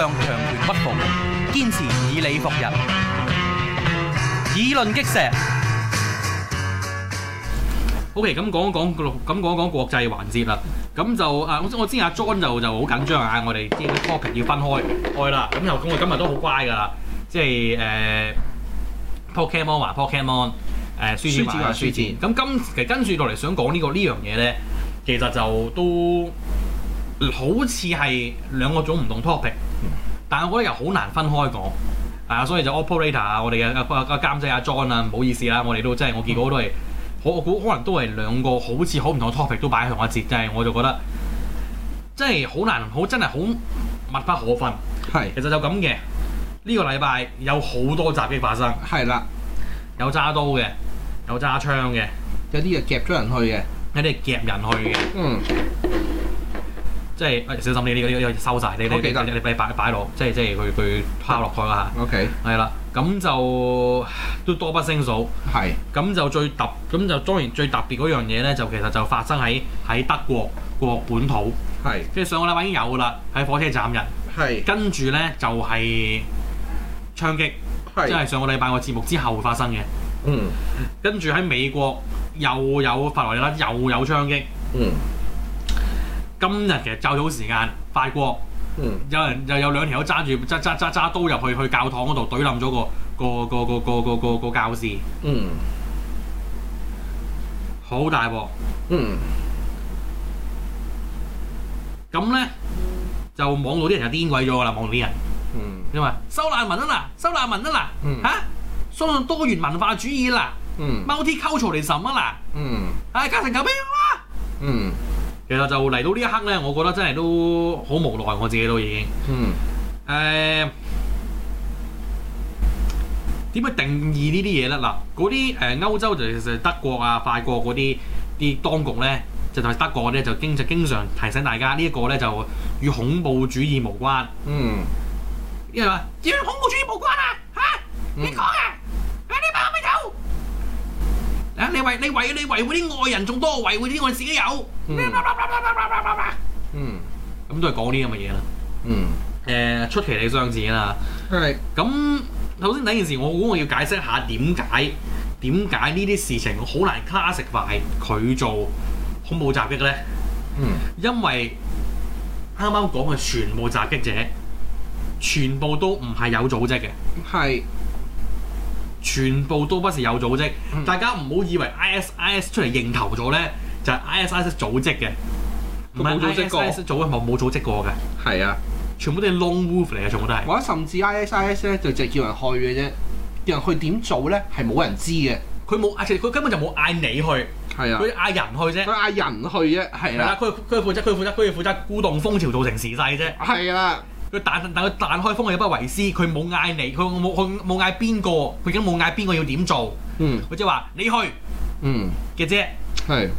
向強權屈服，堅持以理服人，議論擊石。O K，咁講一講咁講講國際環節啦。咁就啊，我知我知，阿 John 就就好緊張啊。我哋啲 topic 要分開開啦。咁又咁，我今日都好乖㗎啦。即係誒 Pokemon 話 Pokemon。誒、呃，Pokemon，呃、書展啊，書展。咁籍今其實跟住落嚟想講、這個這個、呢個呢樣嘢咧，其實就都好似係兩個種唔同 topic。但係我覺得又好難分開講，啊，所以就 operator 啊，我哋嘅啊啊監製啊 John 啊，唔好意思啦，我哋都真係我見過都係，我好我估可能都係兩個好似好唔同嘅 topic 都擺喺同一節，但係我就覺得真係好難，好真係好密不可分。係，其實就咁嘅。呢個禮拜有好多襲擊發生。係啦，有揸刀嘅，有揸槍嘅，有啲又夾咗人去嘅，有啲夾人去嘅。嗯。即係，就是，小心你呢個呢個收晒，你你你你擺擺落，即係即係佢佢拋落去啦嚇。O Okay . K。係啦，咁就都多不勝數。係是。咁就最特，咁就當然最特別嗰樣嘢咧，就其實就發生喺喺德國國本土。係是。即係上個禮拜已經有啦，喺火車站入。係是。跟住咧就係，是，槍擊，即係是上個禮拜個節目之後會發生嘅。嗯。跟住喺美國又有法羅尼亞又有槍擊。嗯。今日其實就早時間法國，嗯，有人又有兩條友揸住揸揸揸揸刀入去去教堂嗰度，懟冧咗個個個個個個個教士，嗯，好大鑊，嗯，咁咧就網絡啲人就癲鬼咗啦，網絡啲人，嗯，因為收難民啊嗱，收難民啊嗱，嚇，相信多元文化主義啦，嗯 multiculturalism 啊嗱，唉，家庭嚿俾啦，嗯。其實就嚟到呢一刻咧，我覺得真係都好無奈，我自己都已經。嗯。誒，點樣定義呢啲嘢咧？嗱，嗰啲誒歐洲就其實德國啊、法國嗰啲啲當局咧，就喺德國咧就經就經常提醒大家呢一個咧就與恐怖主義無關。嗯。因為與恐怖主義無關啊！嚇，你講啊，快啲跑埋走！啊！你維你維你維護啲外人仲多維護啲我哋自己有。嗯，咁都係講呢咁嘅嘢啦。嗯，誒、呃、出奇地相似啦。係的。咁首先第一件事，我估我要解釋下點解點解呢啲事情好難 classify 佢做恐怖襲擊咧？嗯。因為啱啱講嘅全部襲擊者全部都唔係有組織嘅。係。全部都不是有組織，嗯、大家唔好以為 IS IS 出嚟認頭咗咧，就係、是、IS IS 組織嘅，唔係組織過，是 IS IS 組冇冇組織過嘅。係啊，全的，全部都係 lone wolf 嚟嘅，全部都係。或者甚至 IS IS 咧，就直就叫人去嘅啫，叫人去點做咧，係冇人知嘅。佢冇，佢根本就冇嗌你去，係啊，佢嗌人去啫，佢嗌人去啫，係啦，佢佢、啊啊、負責，佢負責，佢要負責鼓動風潮造成時勢啫，係啊。係啊。佢但佢彈開封，又不為師。佢冇嗌你，佢冇佢冇嗌邊個，佢根本冇嗌邊個要點做。嗯，佢即係話你去。嗯嘅啫。係姐。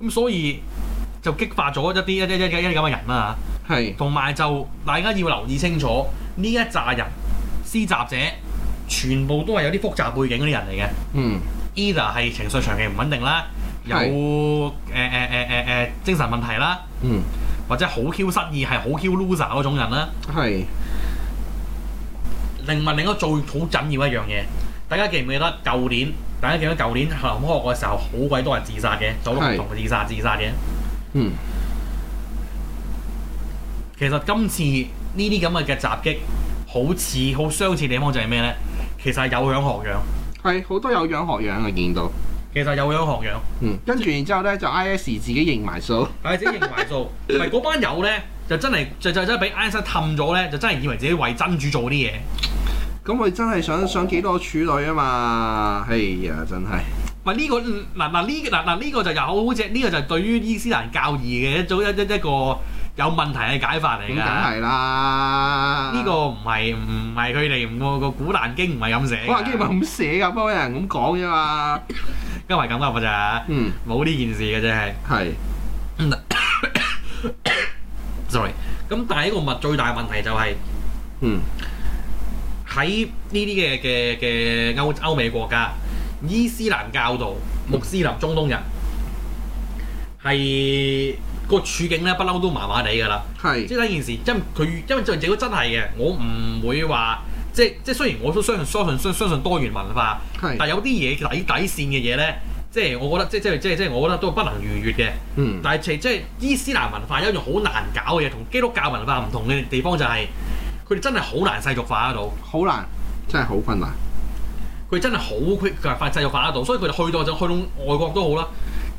咁是所以就激發咗一啲一啲一啲一啲咁嘅人啦嚇。係是。同埋就大家要留意清楚呢一紮人施襲者，全部都係有啲複雜背景嗰啲人嚟嘅。嗯。Either 係情緒長期唔穩定啦，是有誒誒誒誒誒精神問題啦。嗯。或者好 Q 失意，係好 Q loser 嗰種人啦，係是。另外，另一最好緊要一樣嘢。大家記唔記得舊年？大家記，記得舊年校園開學嗰時候，好鬼多人自殺嘅，左陸同的自殺是自殺嘅。嗯。其實今次呢啲咁嘅嘅襲擊，好似好相似地方就係咩呢？其實係有樣學樣。係好多有樣學樣嘅、啊、見到。其實有樣學樣，嗯，跟住然之後咧就 IS 自己認埋數，係自己認埋數，唔係嗰班友咧就真係就就真係俾 IS 氹咗咧，就真係、er、以為自己為真主做啲嘢。咁佢、嗯、真係想、哦、想幾多處女啊嘛？哎、hey, 啊，真係、這個！唔、嗯、呢、這個嗱嗱呢嗱嗱呢個就又好好正，呢、這個這個就對於伊斯蘭教義嘅一早一一一,一個有問題嘅解法嚟嘅。梗係啦，呢個唔係唔係佢哋個個古蘭經唔係咁寫古蘭經唔係咁寫㗎，不過有人咁講啫嘛。 因為咁解嘅啫，冇呢、嗯、件事嘅真係。係是 ，sorry。咁但係呢個物最大的問題就係、是，喺呢啲嘅嘅嘅歐歐美國家，伊斯蘭教徒、穆、嗯、斯林、中東人係、那個處境咧，不嬲都麻麻地噶啦。係是，即係呢件事，因佢因為在如果真係嘅，我唔會話。即係即雖然我都相信、相信、相信多元文化，是但有啲嘢底底線嘅嘢呢，即係我覺得，即係即即我覺得都不能逾越嘅。嗯、但係其即係伊斯蘭文化有一樣好難搞嘅嘢，同基督教文化唔同嘅地方就係、是，佢哋真係好難世俗化得到，好難，真係好困難。佢真係好佢係快世俗化得到，所以佢哋去到就去到外國都好啦，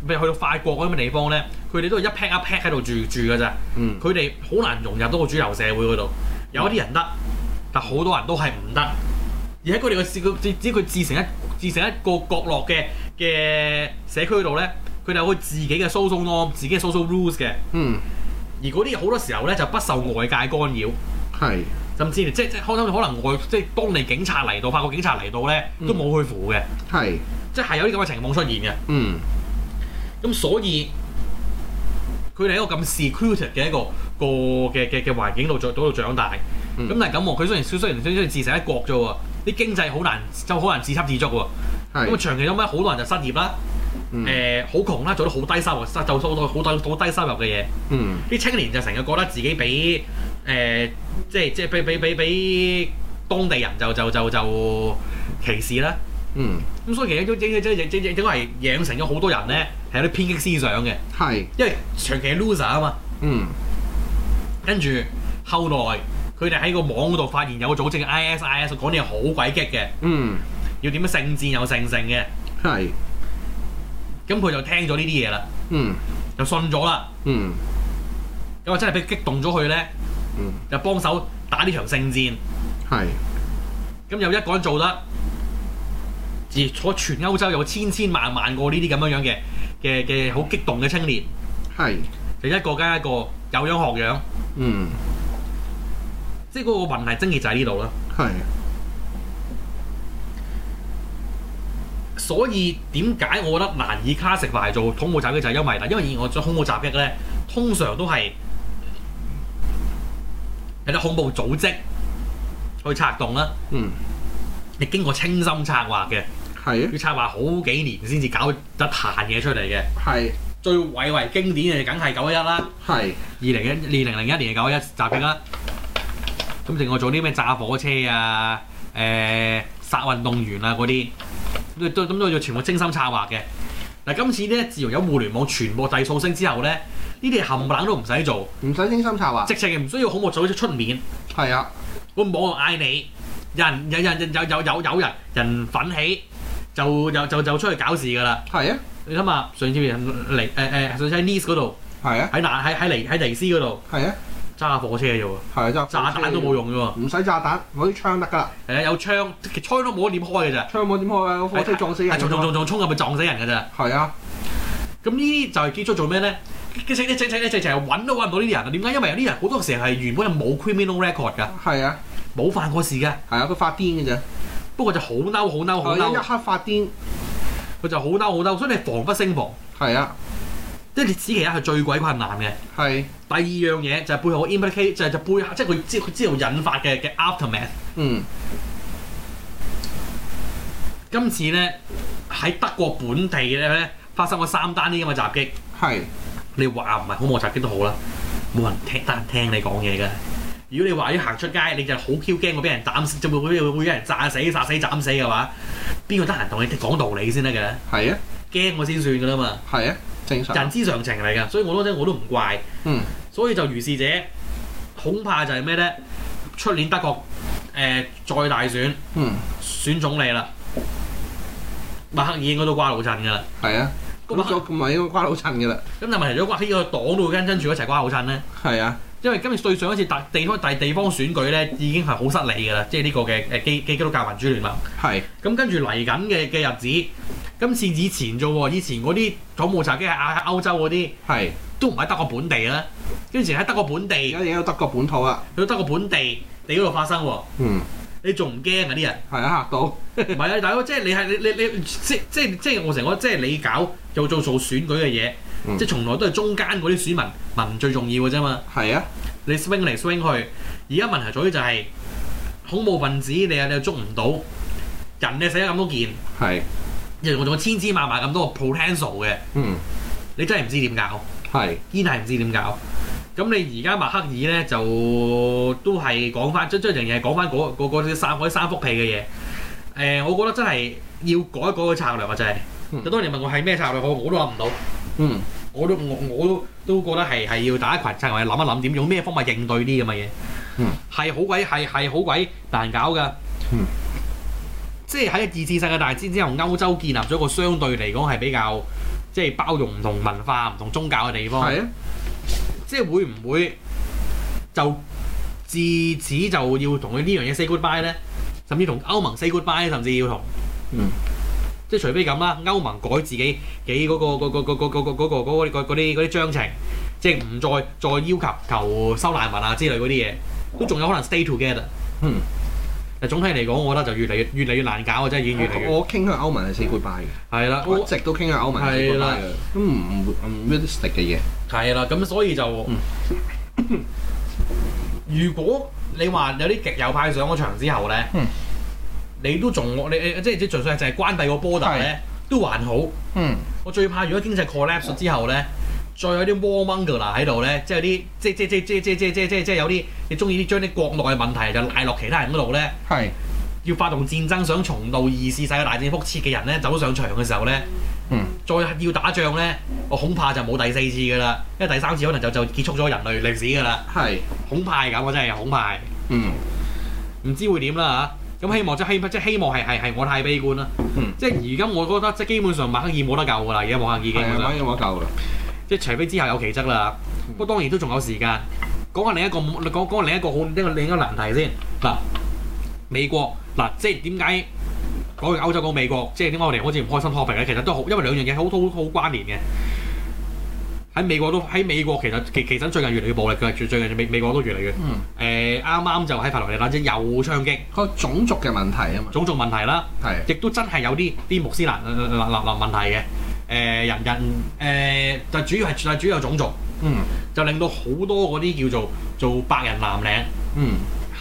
譬如去到法國嗰啲地方呢，佢哋都係一 pack 一 pack 喺度住住㗎啫。佢哋好難融入到個主流社會嗰度，嗯、有一啲人得。但好多人都係唔得，而喺佢哋嘅事過，只佢自成一自成一個角落嘅嘅社區度咧，佢哋有佢自己嘅 social norm，自己嘅 social rules 嘅。嗯。而嗰啲好多時候咧，就不受外界干擾。係是。甚至即即開心，可能外即當地警察嚟到，法國警察嚟到咧，嗯、都冇去扶嘅。係是。即係有啲咁嘅情況出現嘅。嗯。咁所以佢哋喺一個咁 secret 嘅一個個嘅嘅嘅環境度長嗰度長大。咁、嗯、但係咁，佢雖然雖然雖然自成一國啫喎，啲經濟好難，就好難自給自足喎。咁啊是，長期咁樣，好多人就失業啦。誒、嗯，好、呃、窮啦，做得好低收入，就做好好低好低收入嘅嘢。嗯，啲青年就成日覺得自己比誒、呃，即係即係比比比比當地人就就就就歧視啦。嗯，咁、嗯、所以其實都即係即整係養成咗好多人咧係啲偏激思想嘅。係是，因為長期係 loser 啊嘛。嗯，跟住後來。佢哋喺個網嗰度發現有個組織 IS，IS 講啲嘢好鬼激嘅，嗯，要點樣聖戰又勝勝嘅，係是，咁佢就聽咗呢啲嘢啦，嗯，就信咗啦，嗯，咁啊真係俾激動咗佢咧，嗯，就幫手打呢場聖戰，係是，咁有一個人做得，而坐全歐洲有千千萬萬個呢啲咁樣樣嘅嘅嘅好激動嘅青年，係是，就一個加一個，有樣學樣，嗯。即係嗰個問題爭議就喺呢度啦。係。所以點解我覺得難以卡食埋做恐怖襲擊，就係因為，但因為以我做恐怖襲擊咧，通常都係有啲恐怖組織去策動啦。嗯。你經過精心策劃嘅。係啊。要策劃好幾年先至搞得彈嘢出嚟嘅。係。最偉為經典嘅梗係九一一啦。係、啊。二零一二零零一年嘅九一一襲擊啦。咁另外做啲咩炸火車啊、誒、欸、殺運動員啊嗰啲，都咁都，都要全部精心策劃嘅。嗱，今次咧，自從有互聯網傳播大噪星之後咧，呢啲冚唪唥都唔使做，唔使精心策劃，直情唔需要恐怖組織出面。係啊，我網嗌你，人有人有有有有有人有人憤起，就就就就出去搞事㗎啦。係啊，你諗下上次喺嚟斯上次 Nice 嗰度，係啊，喺哪喺喺喺尼斯嗰度，係啊。揸火車啫喎，係揸炸彈都冇用啫喎，唔使炸彈，攞啲槍得㗎。係啊，有槍，槍都冇點開嘅咋，槍冇點開啊，火車撞死人。係撞撞撞撞衝入去撞死人㗎咋的。係啊。咁呢啲就係結束做咩咧？佢成日成日成成日揾都揾唔到呢啲人啊！點解？因為有啲人好多時候係原本係冇 criminal record 㗎。係啊的，冇犯過事嘅。係啊，佢發癲嘅啫。不過就好嬲，好嬲，好嬲，一刻發癲，佢就好嬲，好嬲，所以你防不勝防。係啊。即係你知，其他係最鬼困難嘅。係是，第二樣嘢就係背後嘅 implication，就係、是、背即係佢知佢知道引發嘅嘅 aftermath。After 嗯，今次咧喺德國本地咧發生咗三單啲咁嘅襲擊。係是，你話唔係好冇襲擊都好啦，冇人聽得人聽你講嘢嘅。如果你話要行出街，你就好 Q 驚我俾人斬，就會會會俾人炸死、炸死、斬死嘅話，邊個得閒同你講道理先得嘅？係啊，驚我先算㗎啦嘛。係啊。正常，人之常情嚟噶，所以我都啫，我都唔怪。嗯，所以就如是者，恐怕就係咩咧？出年德國，誒、呃，再大選，嗯、選總理啦。默克爾應該都瓜老震噶啦。係啊，工作唔係應該瓜老襯噶啦。咁但係如果瓜希要擋到跟跟住一齊瓜老襯咧？係啊。因為今日對上一次大地方大地方選舉咧，已經係好失利㗎啦，即係呢個嘅誒基基督教民主聯盟。係是。咁跟住嚟緊嘅嘅日子，今次以前啫喎，以前嗰啲恐怖襲擊係喺歐洲嗰啲，係是都唔係德國本地啦。之前喺德國本地，而家德國本土啊，佢都德國本地地嗰度發生喎。嗯。你仲唔驚啊？啲人係啊嚇到。唔 係啊，大佬，即係你係你你你，即即即，即我成個即係你搞又做做選舉嘅嘢。嗯、即係從來都係中間嗰啲選民民最重要嘅啫嘛。係啊，你 swing 嚟 swing 去，而家問題在於就係恐怖分子你又你又捉唔到，人你死咗咁多件，係是，又仲有千千萬萬咁多 potential 嘅，嗯，你真係唔知點搞，係是，真係唔知點搞。咁你而家默克爾咧就都係講翻，即即仍然係講翻嗰個啲三幅屁嘅嘢。誒、呃，我覺得真係要改一改個策略啊！真、就、係、是，有、嗯、當你問我係咩策略，我我都諗唔到。嗯，我我，我都我我都都覺得係係要打一群策，我哋諗一諗，點用咩方法應對啲咁嘅嘢，嗯，係好鬼係係好鬼難搞噶，嗯，即係喺二次世界大戰之後，歐洲建立咗個相對嚟講係比較即係包容唔同文化、唔、嗯、同宗教嘅地方，係啊，即係會唔會就自此就要同佢呢樣嘢 say goodbye 呢？甚至同歐盟 say goodbye 甚至要同嗯。即係除非咁啦，歐盟改自己幾嗰、嗰個嗰嗰嗰個、嗰個嗰啲啲章程，即係唔再再要求求收難民啊之類嗰啲嘢，都仲有可能 stay together。嗯，但係總體嚟講，我覺得就越嚟越越嚟越難搞啊！越嚟我傾向歐盟係四個派嘅，係啦的，我一直都傾向歐盟係四個派嘅，唔唔 s t i c 嘅嘢。係啦，咁、嗯、所以就，嗯、如果你話有啲極右派上咗場之後咧，嗯你都仲你即係即純粹係就係關閉個 border 咧，是都還好。嗯，我最怕如果經濟 collapse 咗之後咧，再有啲 war monger 喺度咧，即係啲即係即即即即即即即有啲，你中意啲將啲國內嘅問題就賴落其他人嗰度咧，係是要發動戰爭想重蹈二次世界大戰覆轍嘅人咧，走上場嘅時候咧，嗯，再要打仗咧，我恐怕就冇第四次噶啦，因為第三次可能就就結束咗人類歷史噶啦，係是恐怕咁，我真係恐怕，嗯，唔知會點啦嚇。咁希望即希即希望係係係我太悲觀啦，嗯、即係而家我覺得即係基本上默克爾已冇得救㗎啦，而家默克爾已經冇得救啦，即係除非之後有奇蹟啦，不過、嗯、當然都仲有時間。講下另一個，你講,講下另一個好，一個另一個難題先嗱，美國嗱即係點解講完歐洲講美國，即係點解我哋好似唔開心 topic 咧？其實都好，因為兩樣嘢好好好關聯嘅。喺美國都喺美國，其實其其實最近越嚟越暴力，佢最最近美美國都越嚟越，嗯、呃，誒啱啱就喺佛羅里達州又槍擊，個種族嘅問題啊嘛，種族問題啦，係，亦都真係有啲啲穆斯林嗱嗱嗱問題嘅，誒、呃呃呃、人人誒、呃、就主要係主要係種族，嗯，就令到好多嗰啲叫做做白人藍領，嗯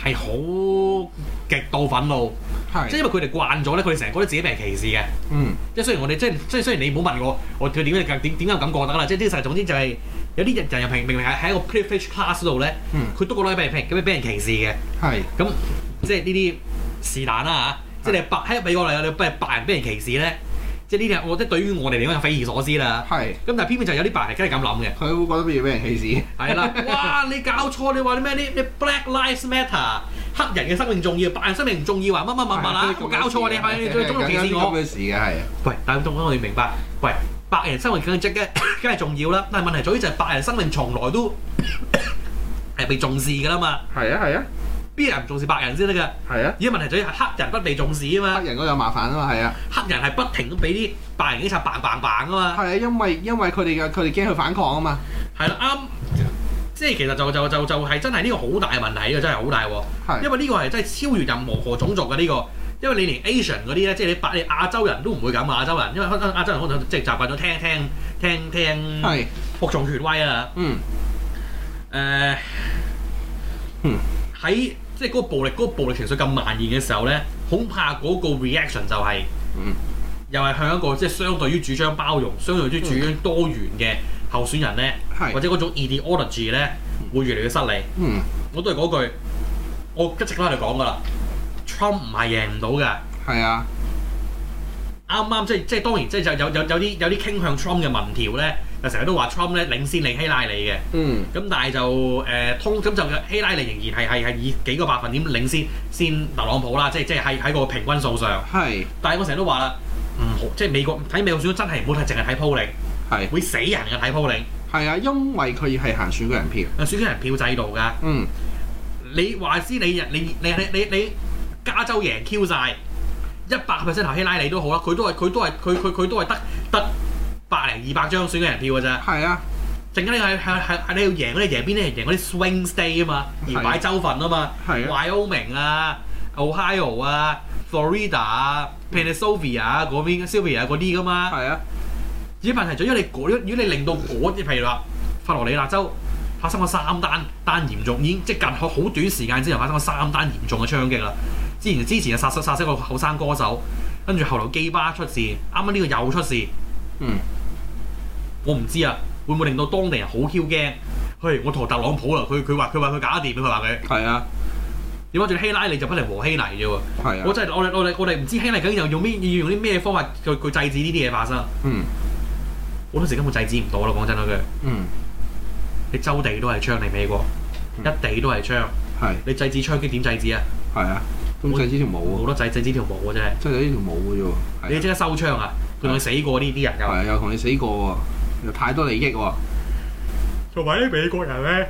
是很，係好極度憤怒。即係是因為佢哋慣咗咧，佢哋成日覺得自己俾人歧視嘅。嗯，即係雖然我哋即係即係雖然你唔好問我，我佢點樣點點解咁講得啦？即係總之，總之就係、是、有啲人又平明明係喺一個 privileged class 度咧，佢、嗯、都覺得俾人平，咁咪俾人歧視嘅。係，咁即係呢啲是但啦嚇，即係你白喺是的 美國嚟，你唔係白人俾人歧視咧。即呢啲，我即係對於我哋嚟講係匪夷所思啦。係咁，但係偏偏就有啲白人，梗係咁諗嘅。佢會覺得不如俾人歧視係啦。哇！你搞錯，你話啲咩？啲啲 Black Lives Matter，黑人嘅生命重要，白人生命唔重要，話乜乜乜乜啦？你搞錯啊！你係中立歧視我。緊緊關佢事嘅係。喂，但係我哋明白，喂，白人生命緊係值嘅，緊係重要啦。但係問題在於就係白人生命從來都係被重視噶啦嘛。係啊，係啊。邊人唔重視白人先得㗎？係啊！而家問題就係黑人不被重視啊嘛。黑人有麻煩啊嘛，係啊！黑人係不停都俾啲白人警察棒棒棒㗎嘛。係啊，因為因為佢哋嘅佢哋驚佢反抗啊嘛。係啦、啊，啱、嗯。即係其實就就就就係、是、真係呢個好大嘅問題啊！真係好大。係是。因為呢個係真係超越任何種族嘅呢、這個。因為你連 Asian 嗰啲咧，即係你白你亞洲人都唔會咁啊亞洲人，因為亞洲人可能即係習慣咗聽聽聽聽，聽是服從權威啊。嗯。喺、呃嗯即係嗰個暴力、嗰、嗰個暴力情緒咁蔓延嘅時候呢，恐怕嗰個 reaction 就係、係，嗯、又係向一個即係相對於主張包容、相對於主張多元嘅候選人呢，嗯、或者嗰種 ideology 呢，嗯、會越嚟越失利。嗯、我都係嗰句，我一直都喺度講噶啦，Trump 唔係贏唔到嘅。係啊。啱啱即係即係當然即係就有有有啲有啲傾向 Trump 嘅民調咧，就成日都話 Trump 咧領先你希拉里嘅。嗯。咁但係就誒、呃、通咁就希拉里仍然係係係以幾個百分點領先先特朗普啦，即係即係喺喺個平均數上。係是。但係我成日都話啦，唔好即係美國睇美國選舉真係唔好睇，淨係睇 p o l l 會死人嘅，睇 p o l 係啊，因為佢係行選舉人票、嗯。選舉人票制度㗎。嗯。你話知你你你你你，你，你，你，你加州贏 Q 晒。一百 percent 頭希拉里都好啦，佢都係佢都係佢佢佢都係得得百零二百張選舉人票㗎啫。係啊，陣間你個係係你要贏嗰啲贏邊啲人贏嗰啲 swing state 啊嘛，而擺州份嘛啊嘛，Wyoming 啊、Ohio 啊、Florida 係啊、Pennsylvania 啊嗰邊、California 嗰啲㗎嘛。係啊，只問題就因為你如果你，如果你令到嗰啲，譬如話佛羅里達州發生咗三單單嚴重，已經即係近好短時間之後發生咗三單嚴重嘅槍擊啦。之前之前就殺殺殺死個後生歌手，跟住後來基巴出事，啱啱呢個又出事。嗯，我唔知啊，會唔會令到當地人好嬌驚？嘿，我同特朗普他他說他說他啊，佢佢話佢話佢搞掂啊！佢話佢係啊。點解仲希拉尼就不停和稀泥啫？喎，我真係我哋我哋我哋唔知希拉尼究竟要用要用用啲咩方法去去制止呢啲嘢發生？嗯，好多時根本制止唔到咯。講真啦，佢嗯，你周地都係槍嚟，美國、嗯、一地都係槍。係是你制止槍擊點制止啊？係啊。都剩只條舞啊！好多仔剩只條舞啊，真係。剩咗呢條舞嘅啫，你即刻收槍啊！佢同你死過呢啲人又係又同你死過，又太多利益。同埋啲美國人咧，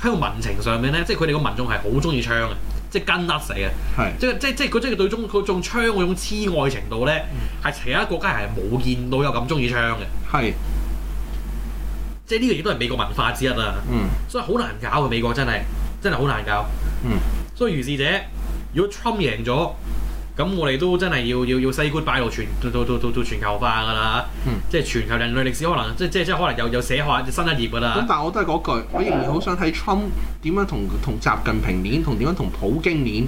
喺個民情上面咧，即係佢哋個民眾係好中意槍啊，即係跟甩死啊。係即係即係即係佢即係對中佢中槍嗰種痴愛程度咧，係其他國家係冇見到有咁中意槍嘅。係即係呢個亦都係美國文化之一啊。嗯，所以好難搞嘅，美國真係真係好難搞。嗯，所以如是者。如果 Trump 贏咗，咁我哋都真係要要要 say goodbye，全全球化噶啦，嗯、即係全球人類歷史可能即即即可能又又寫下新一頁噶啦。咁但係我都係嗰句，我仍然好想睇 Trump 點樣同同習近平面，同點樣同普京面。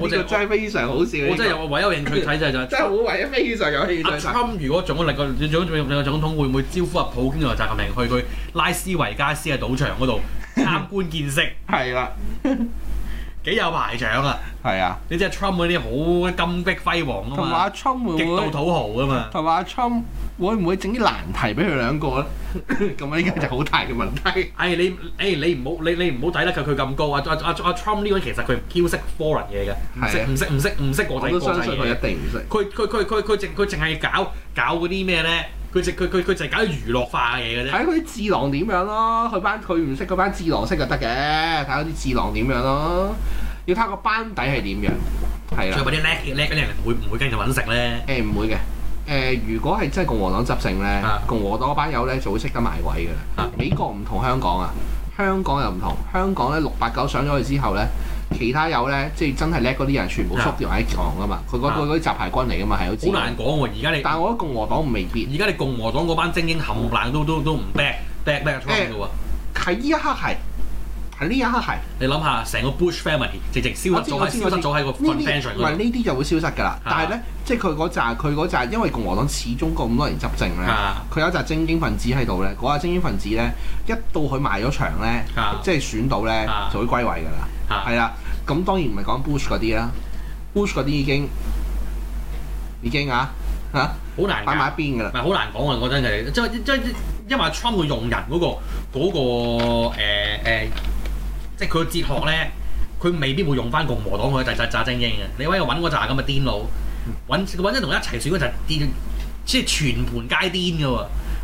我正」我 真係非常好笑我我。我真係有我唯一興趣睇就係就係。 真係好唯一非常有興趣，啊。Trump 如果做咗歷個做咗做歷任嘅總統，會唔會招呼阿普京同阿習近平去佢拉斯維加斯嘅賭場嗰度參觀見識？係啦 是的。 幾有排場啊！係啊，你知阿 Trump 嗰啲好金碧輝煌啊嘛，會會極度土豪啊嘛，同埋阿 Trump 會唔會整啲難題俾佢兩個咧？咁啊，依家就好大嘅問題 哎。哎，你哎你唔好你你唔好睇得佢佢咁高啊！阿阿阿 Trump 呢個其實佢唔識 foreign 嘢嘅，唔識唔識唔識唔識國際國際嘅。我都相信佢一定唔識。佢佢佢佢佢淨佢淨係搞搞嗰啲咩咧？佢就佢佢佢就搞啲娛樂化嘅嘢嘅啫。睇下嗰啲智囊點樣咯，佢班佢唔識嗰班智囊識就得嘅，睇下嗰啲智囊點樣咯。要睇下個班底係點樣，係啊，再揾啲叻嘅叻嗰啲人會唔會跟住揾食咧？誒唔、欸、會嘅。誒、呃、如果係真係共和黨執政咧，共和黨班友咧就會識得埋位㗎啦。啊、美國唔同香港啊，香港又唔同。香港咧六八九上咗去之後咧。其他有咧，即係真係叻嗰啲人，全部縮掉喺牀噶嘛。佢嗰個嗰啲雜牌軍嚟噶嘛，係好難講喎。而家你，但係我覺得共和黨唔未必。而家你共和黨嗰班精英冚唪唥都都都唔 back back back on 嘅喎。喺呢一刻係喺呢一刻係。你諗下，成個 Bush family 直直消失，早喺個 function。唔係呢啲就會消失㗎啦。但係咧，即係佢嗰扎佢嗰扎，因為共和黨始終咁多人執政咧，佢有一扎精英分子喺度咧。嗰個精英分子咧，一到佢埋咗場咧，即係選到咧，就會歸位㗎啦。係啦。咁當然唔係講 Bush 嗰啲啦，Bush 嗰啲已經已經啊嚇，好、啊、難擺埋一邊噶啦，唔係好難講啊！我真係、嗰個嗰個欸欸，即係即係因為 Trump 佢用人嗰個嗰個，即係佢嘅哲學咧，佢未必會用翻共和黨嗰啲真真真精英嘅。你揾又揾個咋咁嘅癲佬，揾揾真同佢一齊選嗰陣癲，即係全盤皆癲噶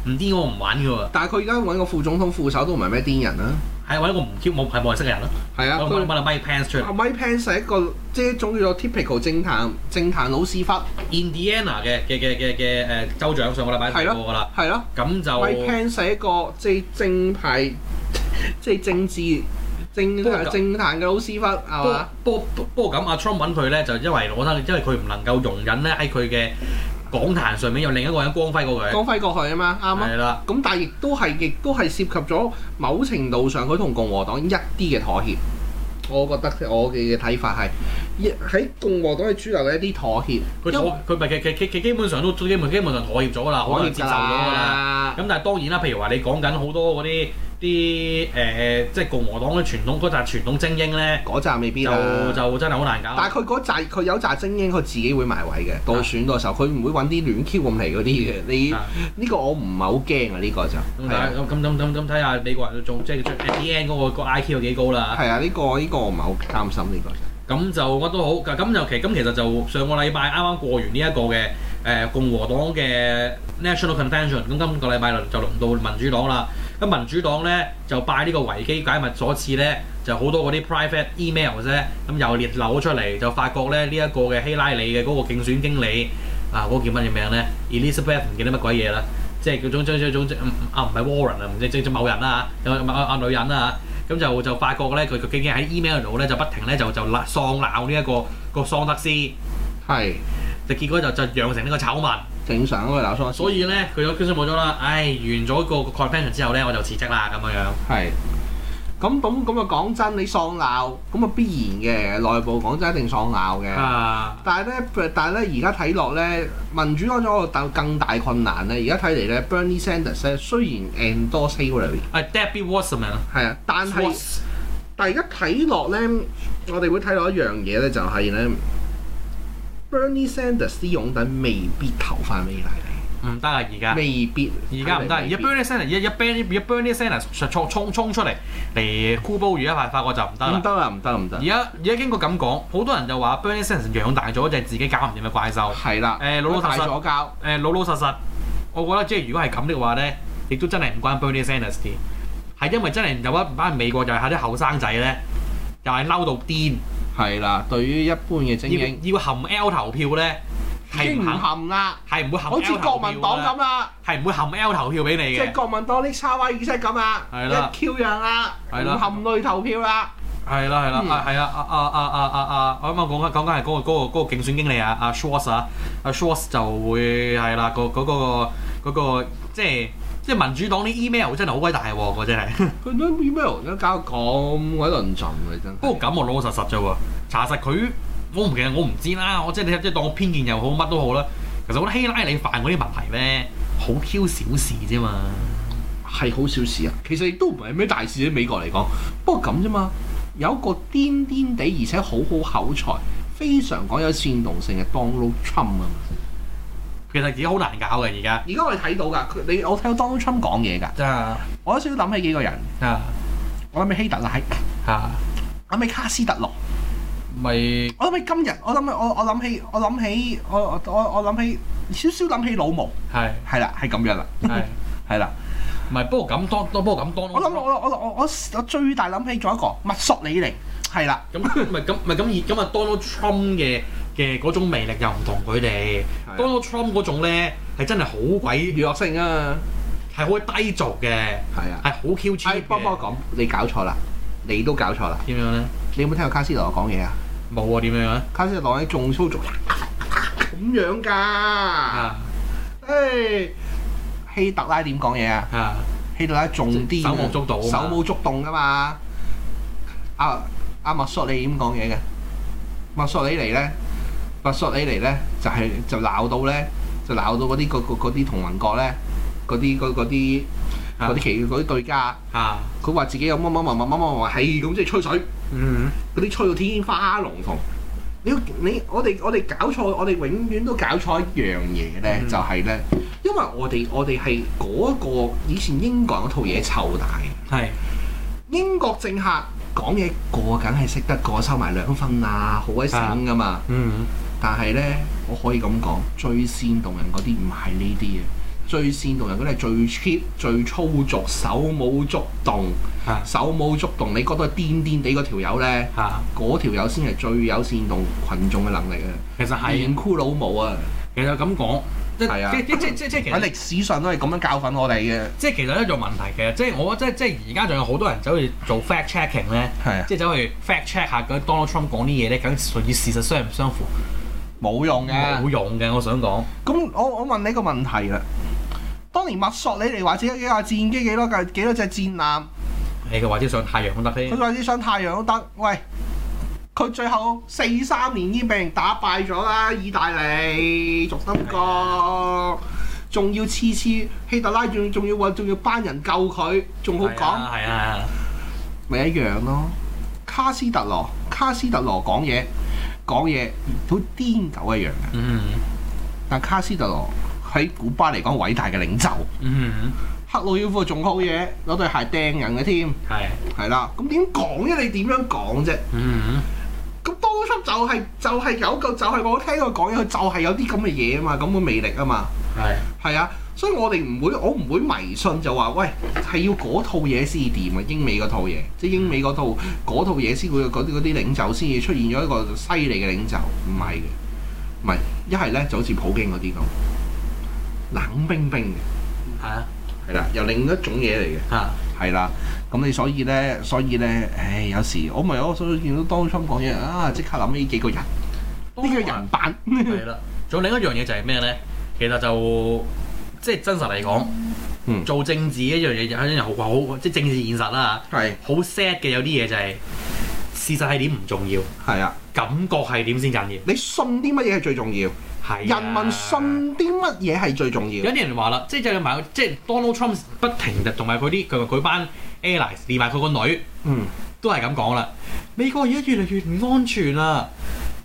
喎，唔癲我唔玩噶喎。但係佢而家揾個副總統副手都唔係咩癲人啦、啊。係揾一個唔冇係冇人識嘅人咯。係啊，上阿把以 Mike Pence 出嚟。阿 Mike Pence 係一個即係一種叫做 typical 政壇政壇老屎忽。Indiana 嘅嘅嘅嘅嘅州長上，上個禮拜死過噶啦。咯、啊。咁、啊、就 Mike Pence 係一個即正派，即政治政治不政壇嘅老屎忽不吧，不過不，不，不，不，不過咁阿、啊、Trump 揾佢咧，就因為我覺得因為佢唔能夠容忍咧喺佢嘅。港壇上面有另一個人光輝過佢，光輝過去啊嘛，啱啱，係啦。咁但係亦都係，亦都係涉及咗某程度上，佢同共和黨一啲嘅妥協。我覺得我嘅睇法係，喺共和黨係主流嘅一啲妥協，佢妥佢咪佢基本上都最基基本上妥協咗啦，可以接受咗㗎啦。咁了但係當然啦，譬如話你講緊好多嗰啲。啲誒、呃、即係共和黨嗰扎傳統精英咧，嗰扎未必就就真係好難搞。但係佢嗰扎佢有扎精英，佢自己會埋位嘅。到選嘅時候，佢唔的會揾啲亂 Q 咁嚟嗰啲嘅。你呢的個我唔係好驚啊！呢、這個就咁咁咁咁睇下美國人嘅總即係 ADN 嗰個 IQ 有幾高啦。係啊，呢、這個呢、這個我唔係好擔心呢、這個。咁就我都好。咁尤其咁其實就上個禮拜啱啱過完呢一個嘅誒、呃、共和黨嘅 National Convention。咁今個禮拜就輪到民主黨啦。咁民主黨咧就拜呢個維基解密所賜咧，就好多嗰啲 private email 啫。咁又列漏出嚟，就發覺咧呢一個嘅希拉里嘅嗰個競選經理啊，嗰個叫乜嘢名咧？Elizabeth 唔記得乜鬼嘢啦，即係叫種將將種啊，唔係 Warren 啊，唔知即係即某人啦、啊、嚇，咁啊女人啦、啊、咁就就發覺咧佢佢竟然喺 email 度咧就不停咧就就喪鬧、這個那個、喪呢一個個桑德斯，係是，就結果就就養成呢個醜聞。正常咁去鬧出，那個、所以咧佢有決心冇咗啦。唉，完咗個 competition 之後咧，我就辭職啦咁樣樣。係。咁咁咁啊！講真，你喪鬧，咁啊必然嘅內部講真的一定喪鬧嘅、uh,。但係咧，但係咧，而家睇落咧，民主嗰種有更大困難咧。而家睇嚟咧，Bernie Sanders 咧雖然 endorse Hillary 係 Debbie Was、uh, awesome, serman 係啊，但係 Was. 但係而家睇落咧，我哋會睇落一樣嘢咧，就係、是、咧。Bernie Sanders 呢種等未必投翻俾你，唔得啊！而家未必，而家唔得。而家 Bernie Sanders 一一 Bern 一 Bernie Sanders 實衝衝衝出嚟嚟箍煲魚啊！發覺就唔得，唔得啊！唔得唔得。而家而家經過咁講，好多人就話 Bernie Sanders 養大咗就係、是、自己搞唔掂嘅怪獸，係啦的。誒老老實實，誒老老實實。我覺得即係如果係咁的話咧，亦都真係唔關 Bernie Sanders 啲，係因為真係有一班美國就係啲後生仔咧，又係嬲到癲。係啦，對於一般嘅精英要，要含 L 投票咧，係唔含啊，係唔會含 L 投票啦，係唔會含 L 投票俾你嘅。即係國民黨啲抄位意識咁啊，一翹樣啦，唔含淚投票啦。係啦係啦，啊係啊啊啊啊啊啊！我啱啱講緊講緊係嗰個嗰、嗰個嗰、嗰個競選經理啊阿 Schwarz 啊，啊 Schwarz 就會係啦，嗰嗰、嗰個嗰、嗰個即係。那個那個即係民主黨啲 email 真係好鬼大喎，真係佢攞 email 而家搞咁鬼論盡，真不過咁我老老實實啫喎，查實佢我唔其實我唔知啦，我，不知道我，不知道我即係即係當我偏見又好，乜都好啦。其實我覺得希拉里犯過啲問題咩？好 Q 小事啫嘛，啊，係好小事啊。其實亦都唔係咩大事喺、啊、美國嚟講不過咁啫嘛。有一個癲癲地而且好好口才，非常講有煽動性嘅 Donald Trump 啊。其實自己好難搞嘅而家。而家我哋睇到噶，你我睇到 Donald Trump 講嘢噶。啊！我一少少諗起幾個人。啊！我諗起希特勒係啊，諗起卡斯特羅咪。我諗起今日，我諗起我我諗起我諗起我我我諗起少少諗起老毛。係係啦，係咁樣啦。係係啦，唔係不過咁多，多不過咁多。我諗我我我我我最大諗起咗一個墨索里尼係啦。咁咪咁咪咁而今 Donald Trump 嘅。嘅嗰種魅力又唔同佢哋，Donald Trump 嗰種咧，係真係好鬼娛樂性啊，係好低俗嘅，係啊，係好 cheap 嘅。幫幫我講，你搞錯啦，你都搞錯啦。點樣咧？你有冇聽過卡斯羅講嘢啊？冇啊？點樣啊？卡斯羅喺中蘇族咁樣㗎。誒希特拉點講嘢啊？希特拉仲癲，手舞足動，手舞足動㗎嘛。阿阿墨索里尼點講嘢嘅，墨索里尼咧。發 s 起嚟咧，就係就鬧到咧，就鬧到嗰啲啲同盟國咧，嗰啲嗰啲嗰啲其嗰啲對家，佢話、啊、自己有乜乜乜乜乜乜，話係咁即係吹水，嗯，嗰啲吹到天花龍鳳。你你我哋我哋搞錯，我哋永遠都搞錯一樣嘢嘅咧，嗯、就係咧，因為我哋我哋係嗰個以前英國嗰套嘢湊大嘅，是英國政客講嘢個梗係識得個收埋兩分啊，好鬼省㗎嘛、啊，嗯。嗯但係咧，我可以咁講，最煽動人嗰啲唔係呢啲嘅，最煽動人嗰啲係最 cheap 最粗俗、手舞足動，嚇的手舞足動。你覺得係癲癲地嗰條友咧，嚇嗰條友先係最有煽動群眾嘅能力啊。其實係連骷老母啊。的其實咁講，即係即即即即喺歷史上都係咁樣教訓我哋嘅。即係其實一樣問題，其實即係我覺得，即即而家仲有好多人走去做 fact checking 咧，係的即係走去 fact check 下嗰 Donald Trump 講啲嘢咧，究竟隨乎事實相唔相符？冇用嘅，冇用嘅，我想講。咁我我問你一個問題啦，當年墨索里尼話自己幾架戰機幾多架幾多隻戰艦？你嘅話之上太陽都得飛，佢話之上太陽都得。喂，佢最後四三年已經被人打敗咗啦，意大利、獨登國，仲要次次希特拉仲仲要運仲要班人救佢，仲好講，係啊係啊，咪、啊、一樣咯。卡斯特羅，卡斯特羅講嘢講嘢好癲狗一樣嘅，嗯、哼但卡斯特羅喺古巴嚟講偉大嘅領袖，克魯伊夫仲好嘢，攞對鞋掟人嘅添，係係啦，咁點講啫？你點樣講啫？咁當初就係、是、就係、是、有個就係、是、我聽佢講嘢，佢就係有啲咁嘅嘢啊嘛，咁嘅魅力啊嘛，係係啊。所以我哋唔會，我唔會迷信就話，喂係要嗰套嘢先掂啊。英美嗰套嘢，即係英美嗰套嗰套嘢先會嗰啲嗰啲領袖先至出現咗一個犀利嘅領袖，唔係嘅，唔係一係咧就好似普京嗰啲咁冷冰冰嘅係啊，係啦，又另一種嘢嚟嘅啊，係啦，咁你所以咧，所以咧，唉、哎，有時我咪我所以見到當初講嘢啊，即刻諗起幾個人呢時個人版係啦，仲有另一樣嘢就係咩咧？其實就。即係真實嚟講，做政治一樣嘢就係真係好，嗯、即係政治現實啦、啊、嚇，好 sad 嘅有啲嘢就係、是、事實係點唔重要，係啊，感覺係點先緊要，你信啲乜嘢係最重要，是啊、人民信啲乜嘢係最重要。有啲人話啦，即係就係、是、問，即、就、係、是、Donald Trump 不停嘅，佢佢佢 ies，同埋佢啲佢佢班 allies 連埋佢個女、嗯，都係咁講啦。美國而家越嚟越唔安全啦。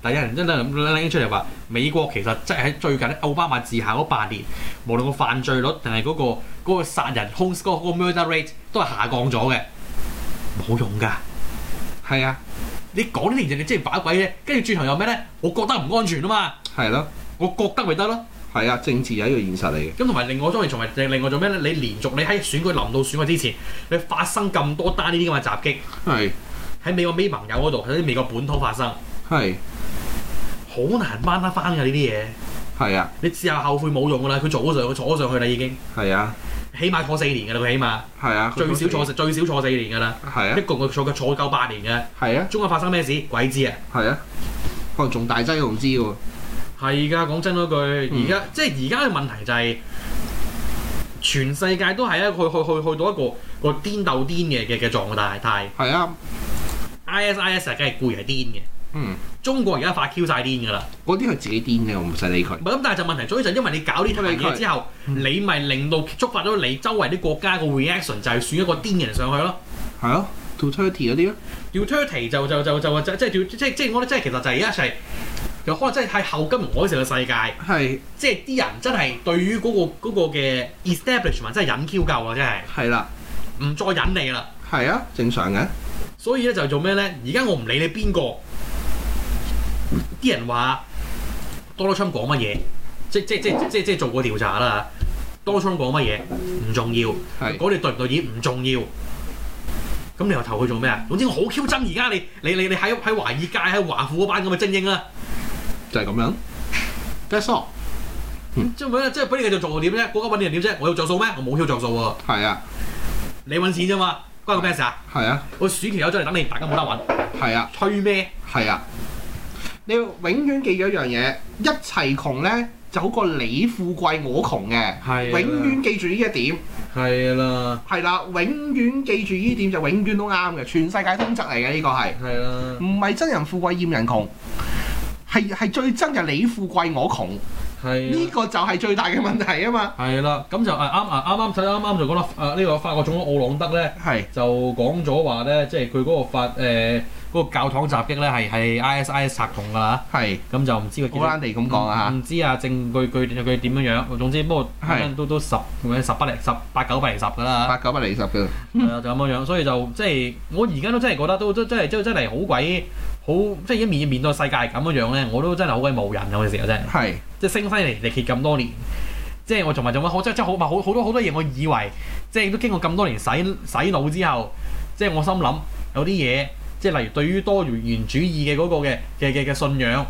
第一人真係諗拎拎出嚟話美國其實即係喺最近奧巴馬治下嗰八年，無論個犯罪率定係嗰個嗰、嗰個、殺人 hones 嗰、嗰個嗰個 murder rate 都係下降咗嘅，冇用㗎，係啊，你講啲事情你即係擺鬼啫，跟住轉頭又咩咧？我覺得唔安全啊嘛，係咯、啊，我覺得咪得咯，係啊，政治係一個現實嚟嘅。咁同埋另外，我當然從嚟另外做咩咧？你連續你喺選舉臨到選舉之前，你發生咁多單呢啲咁嘅襲擊，係喺是美國美盟友嗰度喺美國本土發生。係，好難掹得翻嘅呢啲嘢。係啊，你之後後悔冇用㗎啦，佢坐咗上去，坐咗上去啦已經。係啊，起碼坐四年㗎啦，佢起碼。係啊，最少坐最少坐四年㗎啦。係啊，一共佢坐佢坐夠八年㗎。係啊，中國發生咩事鬼知啊？係啊，可能仲大劑，我唔知喎。係㗎，講真嗰句，而家即係而家嘅問題就係，全世界都係一去去去去到一個個癲鬥癲嘅嘅嘅狀態。係啊，ISIS 梗係攰係癲嘅。嗯，中國而家發 Q 晒癲㗎啦，嗰啲係自己癲嘅，我唔使理佢。唔係咁，但係就問題，所以就因為你搞呢套嘅嘢之後，你咪令到觸發咗你周圍啲國家個 reaction，就係選一個癲人上去咯。係咯，Duterte 嗰啲咯，Duterte 就就就就即係 to 即係即係我覺得，即係其實就而家係有可能真係喺後金唔可成嘅世界，係即係啲人真係對於嗰個嘅 establishment 真係忍 Q 夠啦，真係係啦，唔再忍你啦。係啊，正常嘅。所以咧就做咩咧？而家我唔理你邊個。啲人話特朗普講乜嘢？即即即即即做過調查啦。特朗普講乜嘢唔重要，講是你對唔對點唔重要，咁你又投佢做咩啊？總之我好鳩憎，而家你你你你喺喺華爾街喺華府嗰班咁嘅精英啊，就係咁樣。That's all S、嗯 即。即係咩即係俾你繼續做又點啫，國家揾你人點啫？我要着數咩？我冇鳩着數喎。係啊，啊你揾錢啫嘛，關我咩事啊？係啊，我暑期有咗嚟等你，大家冇得揾。係啊，吹咩？係啊。你要永遠記住一樣嘢，一齊窮呢，就好過你富貴我窮嘅。係，永遠記住呢一點。係啦。係啦，永遠記住呢點就永遠都啱嘅，全世界通則嚟嘅呢個係。係啦的。唔係真人富貴厭人窮，係係最憎就你富貴我窮。係的。呢個就係最大嘅問題啊嘛。係啦，咁就誒啱啊，啱啱睇啱啱就講啦，呢個法國總統奧朗德呢，係的就講咗話呢，即係佢嗰個法誒。呃個教堂襲擊咧，係 I S I 是 S 策動㗎嚇，係，咁就唔知佢叫乜咁講啊，唔知啊，證據據據點樣樣。總之，不過是是都都十十不離十八九不離十㗎啦，八九不離十㗎，就咁樣樣，所以就即係我而家都真係覺得都都真係真真好鬼好即係一面一面到世界係咁樣樣咧，我都真係好鬼無人有陣時候真係，係是即係升翻嚟歷咁多年，即係我同埋做乜我即真，我真好好好，好多好多嘢，多我以為即係都經過咁多年洗洗腦之後，即係我心諗有啲嘢。即係例如對於多元主義嘅嗰個嘅嘅嘅嘅信仰，好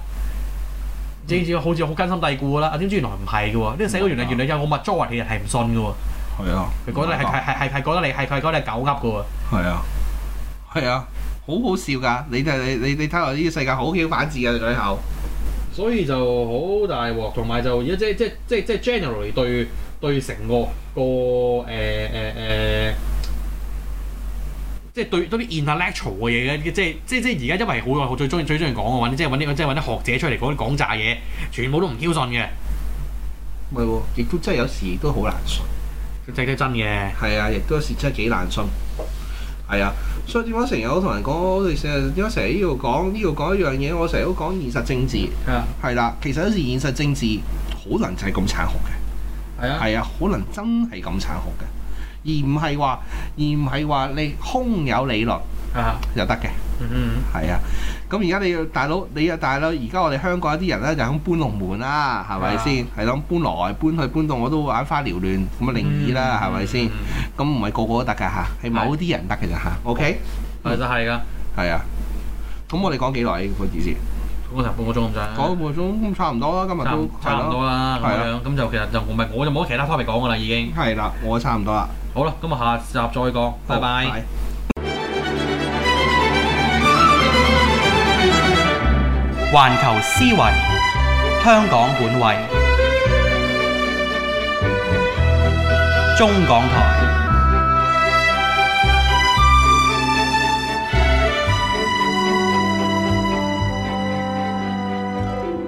似好似好根深蒂固啦，點知原來唔係嘅？呢個社會原來原來有個物質世界係唔信嘅。係啊，佢覺得係係係係覺得你係佢覺得你係狗噏嘅。係啊，係啊，好好笑㗎！你你你你睇下呢個世界好反智嘅最後，所以就好大鑊。同埋就而家即係即係即係即係 generally 對對成個個誒誒誒。欸欸欸即係對多啲 intellectual 嘅嘢嘅，即係即係即係而家因為好多最中意最中意講嘅話，即係搵啲即係搵啲學者出嚟講啲講炸嘢，全部都唔挑信嘅。唔係喎，亦都真係有時亦都好難信。有啲真嘅。係啊，亦都有時真係幾難信。係啊，所以點解成日我同人講我哋成日點解成日呢度講呢度講一樣嘢？我成日都講現實政治。係啊。係啦，其實有時現實政治可能就係咁殘酷嘅。係啊。係啊，可能真係咁殘酷嘅。而唔係話，而唔係話你空有理論啊又得嘅，嗯，係啊。咁而家你大佬，你啊大佬，而家我哋香港有啲人咧就咁搬龍門啦，係咪先？係咁搬來搬去搬到我都眼花撩亂，咁啊靈異啦，係咪先？咁唔係個個都得噶吓，係某啲人得嘅咋吓。OK，係就係噶，係啊。咁我哋講幾耐個字先？講成半個鐘咁滯，講半個鐘差唔多啦。今日都差唔多啦，咁樣咁就其實就唔係我就冇其他方面 p 講噶啦，已經。係啦，我差唔多啦。好啦，今日下集再講，好拜拜。拜拜。環球思維，香港本位，中港台。